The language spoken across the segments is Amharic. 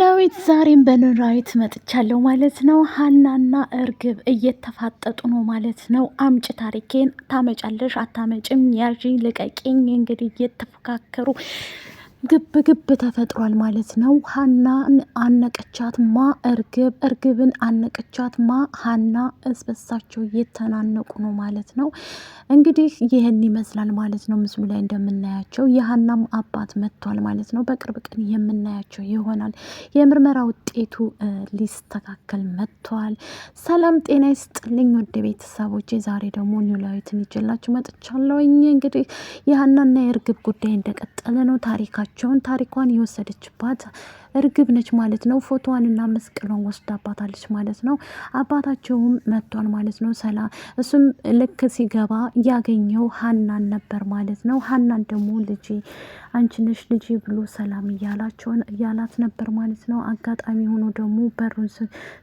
ኖላዊት ዛሬም በኖላዊት መጥቻለሁ ማለት ነው። ሀናና እርግብ እየተፋጠጡ ነው ማለት ነው። አምጭ ታሪኬን ታመጫለሽ አታመጭም፣ ያዥኝ ልቀቂኝ፣ እንግዲህ እየተፎካከሩ ግብ ግብ ተፈጥሯል ማለት ነው። ሀና አነቀቻት ማ እርግብ፣ እርግብን አነቀቻት ማ ሀና። እስበሳቸው እየተናነቁ ነው ማለት ነው። እንግዲህ ይህን ይመስላል ማለት ነው። ምስሉ ላይ እንደምናያቸው የሀናም አባት መጥቷል ማለት ነው። በቅርብ ቀን የምናያቸው ይሆናል። የምርመራ ውጤቱ ሊስተካከል መጥቷል። ሰላም ጤና ይስጥልኝ ወደ ቤተሰቦች። ዛሬ ደግሞ ኖላዊትን ይዤላችሁ መጥቻለሁ። እንግዲህ የሀናና የእርግብ ጉዳይ እንደቀጠለ ነው ታሪካቸው ያላቸውን ታሪኳን የወሰደችባት እርግብ ነች ማለት ነው። ፎቶዋንና መስቀሏን ወስዳባታለች ማለት ነው። አባታቸውም መጥቷል ማለት ነው። ሰላም እሱም ልክ ሲገባ ያገኘው ሀናን ነበር ማለት ነው። ሀናን ደግሞ ልጅ አንቺ ነሽ ልጄ ብሎ ሰላም እያላቸውን እያላት ነበር ማለት ነው። አጋጣሚ ሆኖ ደግሞ በሩን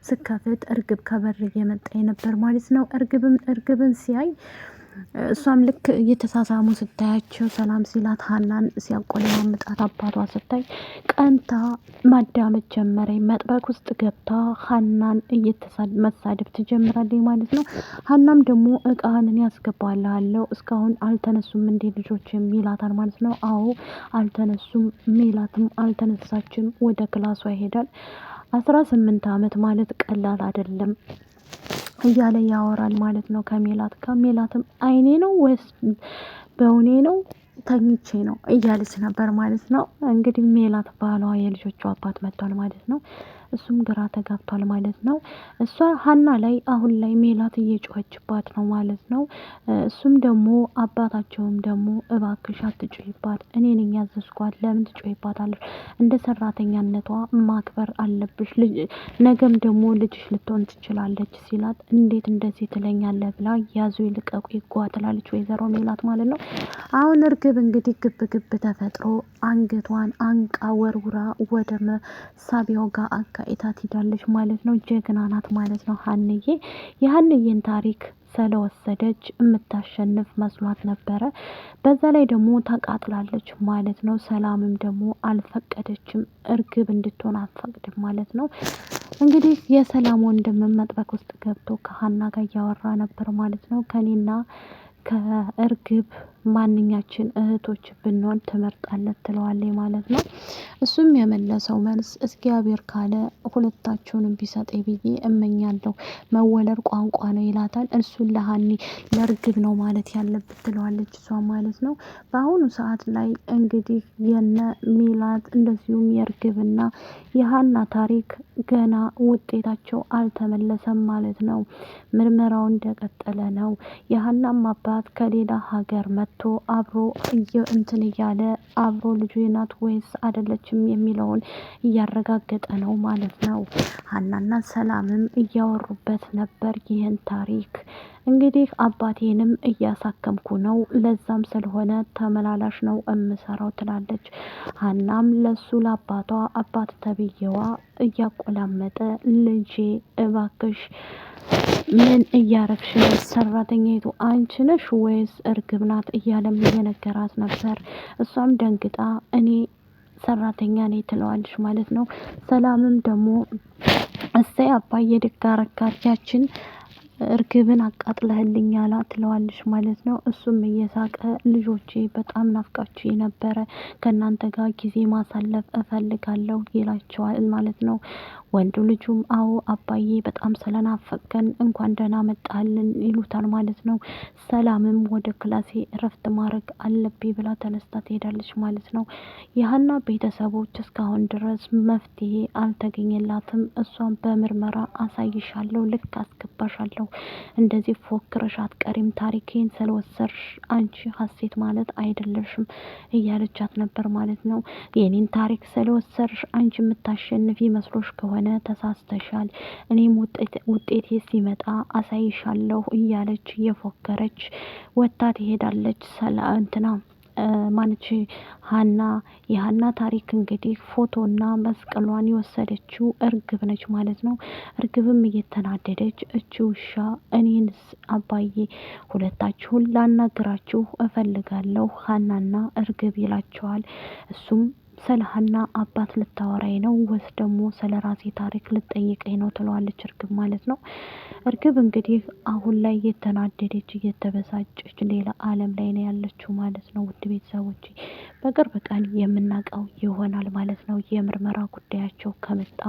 ስከፍት እርግብ ከበር እየመጣ ነበር ማለት ነው። እርግብም እርግብን ሲያይ እሷም ልክ እየተሳሳሙ ስታያቸው ሰላም ሲላት ሀናን ሲያቆለማምጣት አባቷ ስታይ ቀንታ ማዳመጥ ጀመረ። መጥበቅ ውስጥ ገብታ ሀናን መሳደብ ትጀምራለች ማለት ነው። ሀናም ደግሞ እቃህንን ያስገባልሃለሁ እስካሁን አልተነሱም እንዴ ልጆችም ይላታል ማለት ነው። አዎ አልተነሱም ሚላትም አልተነሳችም። ወደ ክላሷ ይሄዳል። አስራ ስምንት ዓመት ማለት ቀላል አይደለም። እያለ ያወራል ማለት ነው ከሜላት ከሜላትም አይኔ ነው ወይስ በእውኔ ነው ተኝቼ ነው እያለች ነበር ማለት ነው። እንግዲህ ሜላት ባሏ የልጆቹ አባት መጥቷል ማለት ነው። እሱም ግራ ተጋብቷል ማለት ነው። እሷ ሀና ላይ አሁን ላይ ሜላት እየጮኸችባት ነው ማለት ነው። እሱም ደግሞ አባታቸውም ደግሞ እባክሽ አትጮይባት፣ እኔን ነኝ ያዘዝኳት፣ ለምን ትጮይባታለች? እንደ ሰራተኛነቷ ማክበር አለብሽ፣ ነገም ደግሞ ልጅሽ ልትሆን ትችላለች ሲላት፣ እንዴት እንደዚህ ትለኛለህ ብላ ያዙ ይልቀቁ ይጓ ወይዘሮ ሜላት ማለት ነው። አሁን እርግ እርግብ እንግዲህ ግብ ግብ ተፈጥሮ አንገቷን አንቃ ወርውራ ወደ ሳቢያው ጋር አጋይታ ትሄዳለች ማለት ነው። ጀግና ናት ማለት ነው ሀንዬ። የሀንዬን ታሪክ ስለወሰደች የምታሸንፍ መስሏት ነበረ። በዛ ላይ ደግሞ ተቃጥላለች ማለት ነው። ሰላምም ደግሞ አልፈቀደችም፣ እርግብ እንድትሆን አትፈቅድም ማለት ነው። እንግዲህ የሰላም ወንድም መጥበቅ ውስጥ ገብቶ ከሀና ጋር እያወራ ነበር ማለት ነው ከኔና ከእርግብ ማንኛችን እህቶች ብንሆን ትመርጣለህ ትለዋለች ማለት ነው። እሱም የመለሰው መልስ እግዚአብሔር ካለ ሁለታችሁንም ቢሰጠ ብዬ እመኛለሁ መወለድ ቋንቋ ነው ይላታል እሱን ለሀኒ ለርግብ ነው ማለት ያለብት ትለዋለች እሷ ማለት ነው። በአሁኑ ሰዓት ላይ እንግዲህ የነ ሚላት እንደዚሁም የእርግብና የሃና ታሪክ ገና ውጤታቸው አልተመለሰም ማለት ነው። ምርመራው እንደቀጠለ ነው። የሃናም አባት ከሌላ ሀገር መጥቶ መጥቶ አብሮ እንትን እያለ አብሮ ልጁ ናት ወይስ አይደለችም የሚለውን እያረጋገጠ ነው ማለት ነው። ሀናና ሰላምም እያወሩበት ነበር ይህን ታሪክ እንግዲህ አባቴንም እያሳከምኩ ነው፣ ለዛም ስለሆነ ተመላላሽ ነው እምሰራው ትላለች። ሀናም ለሱ ለአባቷ አባት ተብዬዋ እያቆላመጠ ልጄ እባክሽ ምን እያረግሽ ነው? ሰራተኛይቱ አንቺ ነሽ ወይስ እርግብ ናት? እያለም እየነገራት ነበር። እሷም ደንግጣ እኔ ሰራተኛ ነኝ ትለዋለች ማለት ነው። ሰላምም ደግሞ እሰይ አባዬ ድጋረካቻችን እርግብን አቃጥለህልኛል ትለዋለች ማለት ነው። እሱም እየሳቀ ልጆቼ በጣም ናፍቃችሁ የነበረ ከእናንተ ጋር ጊዜ ማሳለፍ እፈልጋለሁ ይላቸዋል ማለት ነው። ወንዱ ልጁም አዎ አባዬ በጣም ስለናፈቀን እንኳን ደህና መጣልን ይሉታል ማለት ነው። ሰላምም ወደ ክላሴ እረፍት ማድረግ አለብኝ ብላ ተነስታ ትሄዳለች ማለት ነው። የሀና ቤተሰቦች እስካሁን ድረስ መፍትሄ አልተገኘላትም። እሷን በምርመራ አሳይሻለሁ፣ ልክ አስገባሻለሁ፣ እንደዚህ ፎክረሽ አትቀሪም፣ ታሪኬን ስለወሰርሽ አንቺ ሀሴት ማለት አይደለሽም እያለቻት ነበር ማለት ነው። የኔን ታሪክ ስለወሰርሽ አንቺ የምታሸንፍ ይመስሎሽ ከሆነ ሆነ ተሳስተሻል፣ እኔም ውጤቴ ሲመጣ አሳይሻለሁ እያለች እየፎከረች ወጥታ ትሄዳለች። እንትና ማነች ሀና። የሀና ታሪክ እንግዲህ ፎቶና መስቀሏን የወሰደችው እርግብ ነች ማለት ነው። እርግብም እየተናደደች እች ውሻ እኔንስ አባዬ ሁለታችሁን ላናግራችሁ እፈልጋለሁ ሀናና እርግብ ይላቸዋል። እሱም ስለ ሀና አባት ልታወራኝ ነው ወይስ ደግሞ ስለ ራሴ ታሪክ ልጠይቀኝ ነው ትለዋለች እርግብ ማለት ነው። እርግብ እንግዲህ አሁን ላይ የተናደደች እየተበሳጨች ሌላ ዓለም ላይ ነው ያለችው ማለት ነው። ውድ ቤተሰቦች በቅርብ ቀን የምናውቀው ይሆናል ማለት ነው። የምርመራ ጉዳያቸው ከመጣ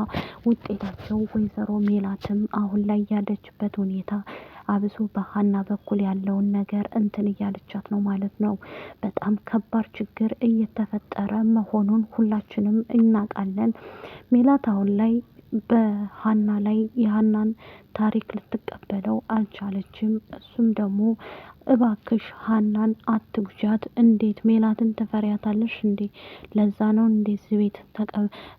ውጤታቸው ወይዘሮ ሜላትም አሁን ላይ ያለችበት ሁኔታ አብሶ በሀና በኩል ያለውን ነገር እንትን እያለቻት ነው ማለት ነው። በጣም ከባድ ችግር እየተፈጠረ መሆኑን ሁላችንም እናውቃለን። ሜላት አሁን ላይ በሀና ላይ የሀናን ታሪክ ልትቀበለው አልቻለችም። እሱም ደግሞ እባክሽ ሀናን አትጉጃት። እንዴት ሜላትን ተፈሪያታለሽ እንዴ? ለዛ ነው እንዴ ቤት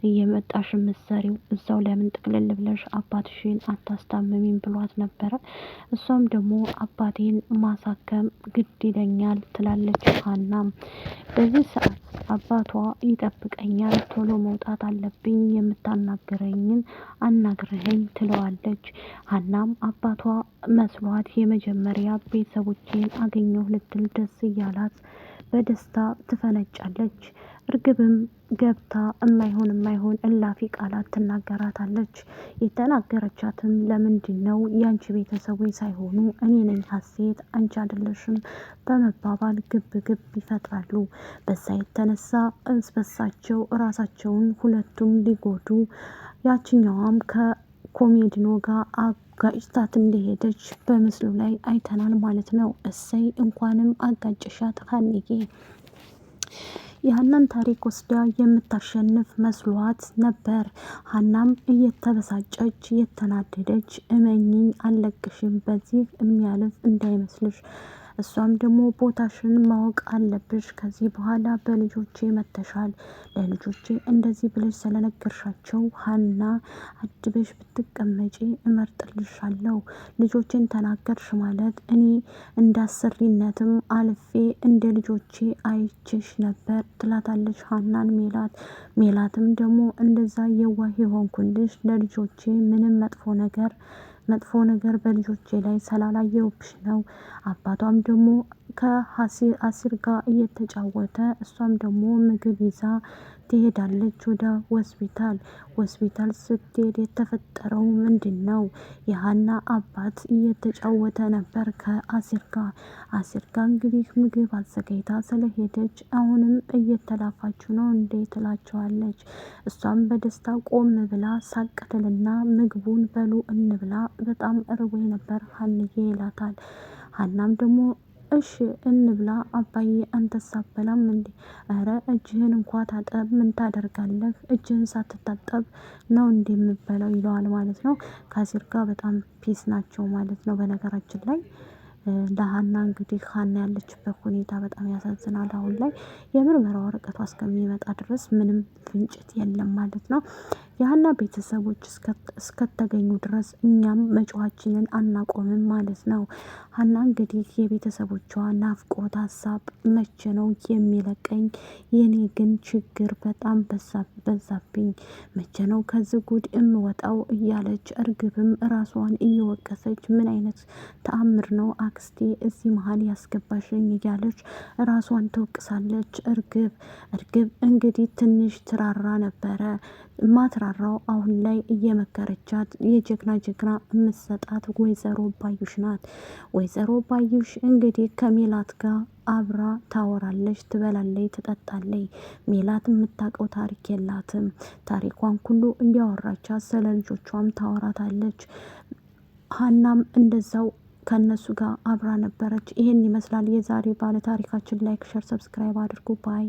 እየመጣሽ ምሰሪው? እዛው ለምን ጥቅልል ብለሽ አባትሽን አታስታምሚም ብሏት ነበረ። እሷም ደግሞ አባቴን ማሳከም ግድ ይለኛል ትላለች ሀና። በዚህ ሰዓት አባቷ ይጠብቀኛል፣ ቶሎ መውጣት አለብኝ፣ የምታናግረኝን አናግረኸኝ ትለዋለች። ሀናም አባቷ መስሏት የመጀመሪያ ቤተሰቦቼን አገኘሁ ልትል ደስ እያላት በደስታ ትፈነጫለች። እርግብም ገብታ የማይሆን የማይሆን እላፊ ቃላት ትናገራታለች። የተናገረቻትም ለምንድን ነው የአንቺ ቤተሰቦች ሳይሆኑ እኔ ነኝ ሀሴት አንቺ አይደለሽም በመባባል ግብ ግብ ይፈጥራሉ። በዛ የተነሳ እስበሳቸው እራሳቸውን ሁለቱም ሊጎዱ ያችኛዋም ከ ኮሜድ ኖጋ አጋጭታት እንደሄደች በምስሉ ላይ አይተናል ማለት ነው። እሰይ እንኳንም አጋጭሻት ሀንዬ። የሀናን ታሪክ ወስዳ የምታሸንፍ መስሏት ነበር። ሀናም እየተበሳጨች እየተናደደች እመኝኝ አለቅሽም በዚህ የሚያልፍ እንዳይመስልሽ እሷም ደግሞ ቦታሽን ማወቅ አለብሽ፣ ከዚህ በኋላ በልጆቼ መተሻል፣ ለልጆቼ እንደዚህ ብለሽ ስለነገርሻቸው ሀና አድበሽ ብትቀመጪ እመርጥልሻለሁ። ልጆቼን ተናገርሽ ማለት እኔ እንዳሰሪነትም አልፌ እንደ ልጆቼ አይችሽ ነበር ትላታለች ሀናን ሜላት። ሜላትም ደግሞ እንደዛ የዋህ የሆንኩልሽ ለልጆቼ ምንም መጥፎ ነገር መጥፎ ነገር በልጆቼ ላይ ስላላየሁብሽ ነው። አባቷም ደግሞ ከአሲር ጋር እየተጫወተ እሷም ደግሞ ምግብ ይዛ ትሄዳለች ወደ ሆስፒታል። ሆስፒታል ስትሄድ የተፈጠረው ምንድን ነው? የሀና አባት እየተጫወተ ነበር ከአሲር ጋር። አሲር ጋር እንግዲህ ምግብ አዘጋጅታ ስለሄደች አሁንም እየተላፋችሁ ነው እንዴ ትላቸዋለች። እሷም በደስታ ቆም ብላ ሳቅትልና ምግቡን በሉ እንብላ በጣም እርቦኝ ነበር ሀንዬ ይላታል። ሀናም ደግሞ እሺ እንብላ አባዬ አንተሳበላም አትበላም እንዴ? እጅህን እንኳ ታጠብ፣ ምን ታደርጋለህ? እጅህን ሳትታጠብ ነው እንዴ ይለዋል ማለት ነው። ካሲር ጋር በጣም ፒስ ናቸው ማለት ነው። በነገራችን ላይ ለሀና እንግዲህ ሀና ያለችበት ሁኔታ በጣም ያሳዝናል። አሁን ላይ የምርመራ ወረቀቷ እስከሚመጣ ድረስ ምንም ፍንጭት የለም ማለት ነው። የሀና ቤተሰቦች እስከተገኙ ድረስ እኛም መጫዋችንን አናቆምም ማለት ነው። ሀና እንግዲህ የቤተሰቦቿ ናፍቆት ሀሳብ መቼ ነው የሚለቀኝ? የኔ ግን ችግር በጣም በዛብኝ። መቼ ነው ከዚህ ጉድ እምወጣው? እያለች እርግብም ራሷን እየወቀሰች ምን አይነት ተአምር ነው አክስቴ እዚህ መሀል ያስገባሽኝ? እያለች ራሷን ትወቅሳለች። እርግብ እርግብ እንግዲህ ትንሽ ትራራ ነበረ ማትራ የምትራራው አሁን ላይ እየመከረቻት የጀግና ጀግና የምትሰጣት ወይዘሮ ባዩሽ ናት። ወይዘሮ ባዩሽ እንግዲህ ከሜላት ጋር አብራ ታወራለች፣ ትበላለች፣ ትጠጣለች። ሜላት የምታውቀው ታሪክ የላትም። ታሪኳን ሁሉ እያወራቻት ስለ ልጆቿም ታወራታለች። ሀናም እንደዛው ከእነሱ ጋር አብራ ነበረች። ይህን ይመስላል የዛሬ ባለ ታሪካችን። ላይክ፣ ሸር፣ ሰብስክራይብ አድርጉ ባይ